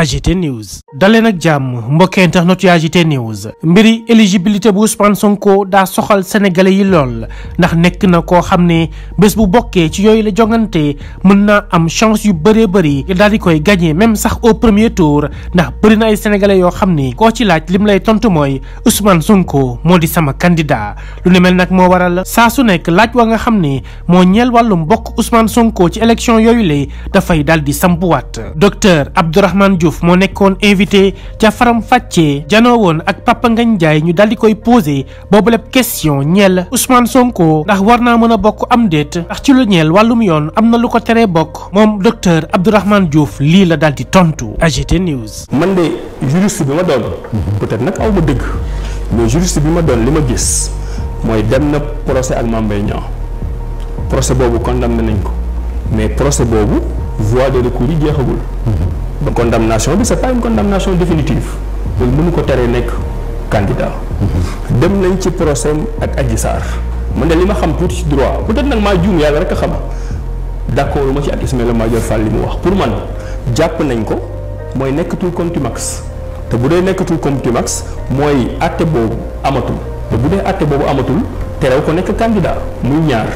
AGT News dalee nag jàmm mbokki internet yu AGT News mbiri éligibilité bu Ousmane Sonko daa soxal sénégalais yi lool ndax nekk na koo xam ne bés bu bokkee ci yooyu la jongante mën naa am chance yu bëree bëri daal di koy gagné même sax au premier tour ndax bëri na ay sénégalais yoo xam ni koo ci laaj lim lay tontu mooy Ousmane Sonko moo di sama candidat lu ne mel nag moo waral saa su nekk laaj wa nga xam ne moo ñeel wàllum bokk Ousmane Sonko ci élection yooyu Diouf moo nekkoon invité ca Faram Facce janoo woon ak Papa Ngagne Ndiaye ñu daldi koy posé boobu lépp question ñeel Ousmane Sonko ndax war naa mën a bokk am déet ndax ci lu ñeel wàllum yoon am na lu ko tere bokk moom docteur Abdourahmane Diouf lii la daldi tontu AGT News. man de juriste bi ma doon. peut-être nag aw ma dëgg mais juriste bi ma doon li ma gis mooy dem na procès ak Mame Mbaye Niang procès boobu condamné nañ ko mais procès boobu voie de recours jeexagul. ba condamnation bi c'est pas une condamnation définitive loolu mënu ko teree nekk candidat dem nañ ci procès ak Adji Sarr man de li ma xam tuuti ci droit peut-être nag maa juum yàlla rek a xam d'accord lu ma ci ak Ismaïla Madior Fall li mu wax pour man jàpp nañ ko mooy nekkatul contumax te bu dee nekkatul contumax mooy àtte boobu amatul te bu dee àtte boobu amatul terew ko nekk candidat muy ñaar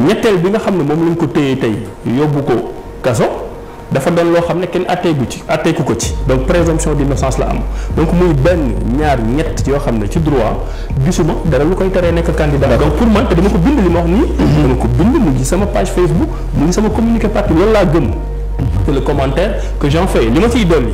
ñetteel bi nga xam ne moom lañ ko téye tey yóbbu ko kaso dafa doon loo xam ne kenn atteegu ci atteeku ko ci donc présomption d'innocence la am donc muy benn ñaar ñett yoo xam ne ci droit gisuma dara lu koy teree nekk candidat donc pour man te dama ko bind li ma wax nii mhm. dama ko bind mu ngi sama page Facebook mu ngi sama communiqué parti loolu laa gëm c'est le que j'en fais li ma ciy dolli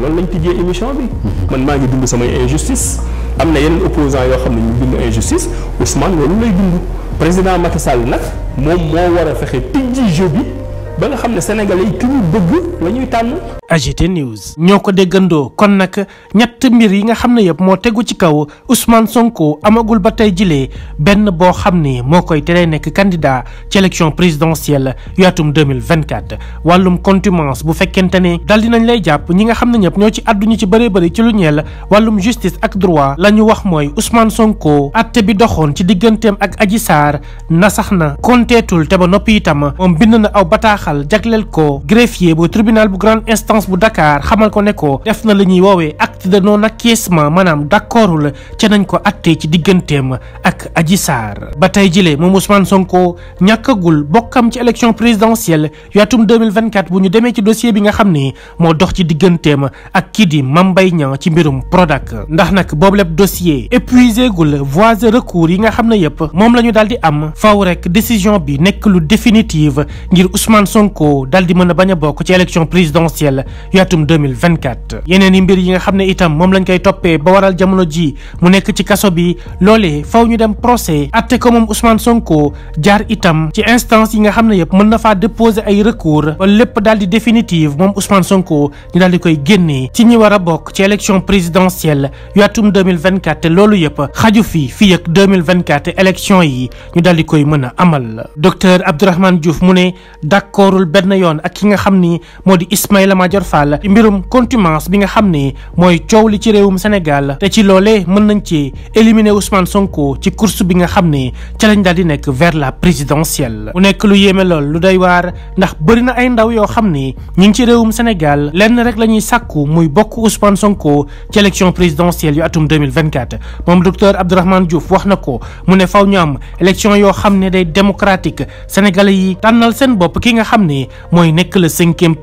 loolu lañ tijjee émission bi mhm. man maa ngi dund samay injustice am na yenn opposants yoo xam ne ñu dund injustice Ousmane loolu lay dund président Macky Sall nag moom moo war a fexe tijji jeu bi ba nga xam ne sénégalais yi ki ñu bëgg la ñuy tànn. AGT News ñoo ko déggandoo kon nag ñett mbir yi nga xam ne yëpp moo tegu ci kaw Ousmane Sonko amagul ba tey jilee benn boo xam ni moo koy teree nekk candidat ci élection présidentielle yu atum 2024 wàllum contumace bu fekkente ne dal dinañ lay jàpp ñi nga xam ne ñëpp ñoo ci àdduñu ci bëree bëri ci lu ñeel wàllum justice ak droit la ñu wax mooy Ousmane Sonko atte bi doxoon ci digganteem ak Adji Sarr na sax na konteetul te ba noppi itam moom bind na aw bataaxal jagleel ko greffier bu Dakar xamal ko ne ko def na la ñuy woowee acte de non acquiescement maanaam d'accordul ca nañ ko àttee ci digganteem ak Adji Sarr ba tey jile moom Ousmane Sonko ñàkkagul bokkam ci élection présidentielle yu atum 2024 bu ñu demee ci dossier bi nga xam ni moo dox ci digganteem ak kii di Mame Mbaye ci mbirum Prodac ndax nag boobu lépp dossier épuisé gul voies de recours yi nga xam ne yëpp moom la ñu daal di am faw rek décision bi nekk lu définitive ngir Ousmane Sonko daal di mën a bañ a bokk ci élection présidentielle yu atum 2024 yeneen yi mbir yi nga xam ne itam moom lañ koy toppee ba waral jamono ji mu nekk ci kaso bi loolee faw ñu dem procès atte ko moom Ousmane Sonko jaar itam ci instance yi nga xam ne yëpp mën na fa déposer ay recours ba lépp daal di définitive moom Ousmane Sonko ñu daal di koy génnee ci ñi war a bokk ci élection présidentielle yu atum 2024 te loolu yëpp xaju fi fii ak 2024 élection yi ñu daal di koy mën a amal docteur Abdourahmane Diouf mu ne d'accordul benn yoon Déthié Fall ci bi nga xam ni mooy coow li ci réewum Sénégal te ci loolee mën nañ ci éliminer Ousmane Sonko ci course bi nga xam ni ca lañ daal di nekk vers la présidentielle mu nekk lu yéeme lool lu day waar ndax bari na ay ndaw yoo xam ni ñu ngi ci réewum Sénégal lenn rek la ñuy sàkku muy bokk Ousmane Sonko ci élection présidentielle yu atum 2024 moom docteur Abdourahmane Diouf wax na ko mu ne faw ñu am élection yoo xam ne day démocratique sénégalais yi tànnal seen bopp ki nga xam ne mooy nekk le cinquième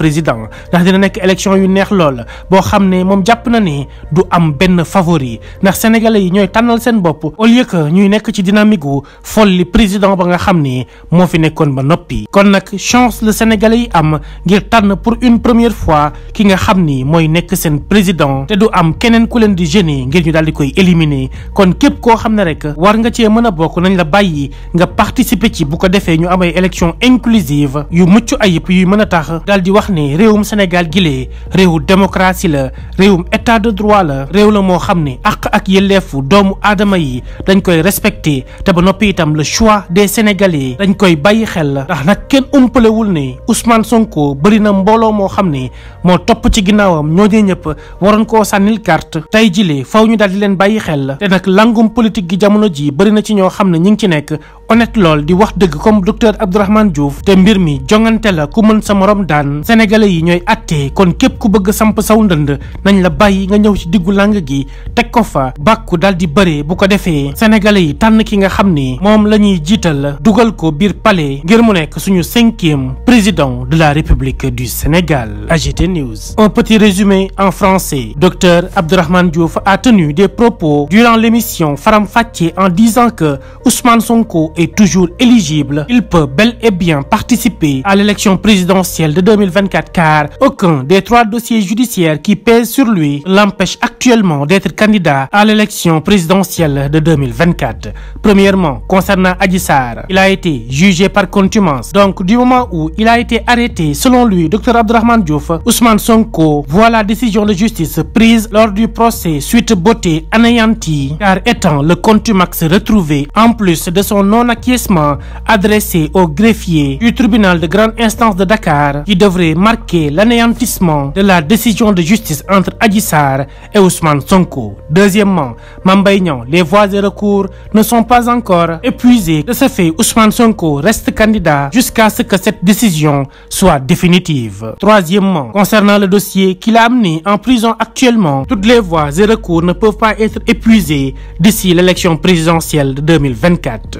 nekk élection yu neex lool boo xam ne moom jàpp na ni du am benn favori ndax sénégalais yi ñooy tànnal seen bopp au lieu que ñuy nekk ci dynamique wu folli président ba nga xam ni moo fi nekkoon ba noppi. kon nag chance le sénégalais yi am ngir tànn pour une première fois ki nga xam ni mooy nekk seen président te du am keneen ku leen di gêner ngir ñu daal di koy éliminer kon képp koo xam ne rek war nga cee mën a bokk nañ la bàyyi nga participer ci bu ko defee ñu amay élection inclusive yu mucc ayib yuy mën a tax daal di wax ne réewum Sénégal gile réewu démocratie la réewum état de droit la réew la moo xam ne àq ak yelleefu doomu aadama yi dañ koy respecté te ba noppi itam le choix des sénégalais dañ koy bàyyi xel ndax nag kenn umpalewul ne Ousmane Sonko bëri na mbooloo moo xam ni moo topp ci ginnaawam ñoo ñooñee ñëpp waroon koo sànnil carte tey jile faw ñu daal di leen bàyyi xel te nag langum politique gi jamono ji bëri na ci ñoo xam ne ñi ngi ci nekk honnête lool di wax dëgg comme docteur Abdourahmane Diouf te mbir mi jongante la ku mën sa moroom daan sénégalais yi ñooy attee kon képp ku bëgg samp saw ndënd nañ la bàyyi nga ñëw ci diggu làng gi teg ko fa bàkku daal di bëree bu ko defee sénégalais yi tànn ki nga xam ni moom la ñuy jiital dugal ko biir palais ngir mu nekk suñu cinquième président de la république du Sénégal AGT News. Un petit résumé en français docteur Abdourahmane Diouf a tenu des propos durant l'émission Faram Facce en disant que Ousmane Sonko et toujours éligible, il peut bel et bien participer à l'élection présidentielle de 2024 car aucun des trois dossiers judiciaires qui pèsent sur lui l'empêche actuellement d'être candidat à l'élection présidentielle de 2024. Premièrement, concernant Adji Sarr, il a été jugé par contumace. Donc du moment où il a été arrêté, selon lui, docteur Abdourahmane Diouf, Ousmane Sonko voit la décision de justice prise lors du procès Sweet Beauté anéantie car étant le contumax retrouvé en plus de son acquiescement adressé au greffier du tribunal de grande instance de Dakar qui devrait marquer l'anéantissement de la décision de justice entre Adji Sarr et Ousmane Sonko. Deuxièmement, Mame Mbaye Niang, les voies de recours ne sont pas encore épuisées. De ce fait, Ousmane Sonko reste candidat jusqu'à ce que cette décision soit définitive. Troisièmement, concernant le dossier qu'il a amené en prison actuellement, toutes les voies et recours ne peuvent pas être épuisées d'ici l'élection présidentielle de 2024.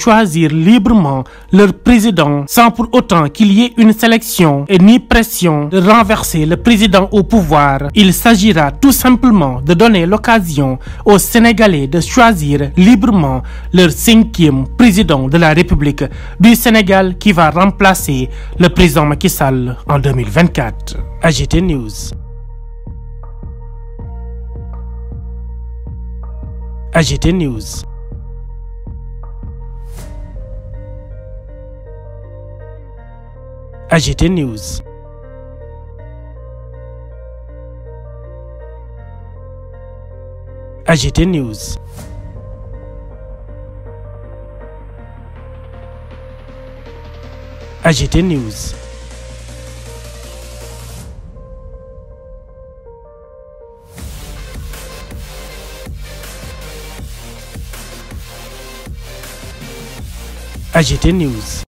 choisir librement leur président sans pour autant qu'il y ait une sélection et ni pression de renverser le président au pouvoir. Il s'agira tout simplement de donner l'occasion au Sénégalais de choisir librement leur cinquième président de la République du Sénégal qui va remplacer le président Macky Sall en 2024. AGT News. AGT News. AGT News AGT News AGT News AGT News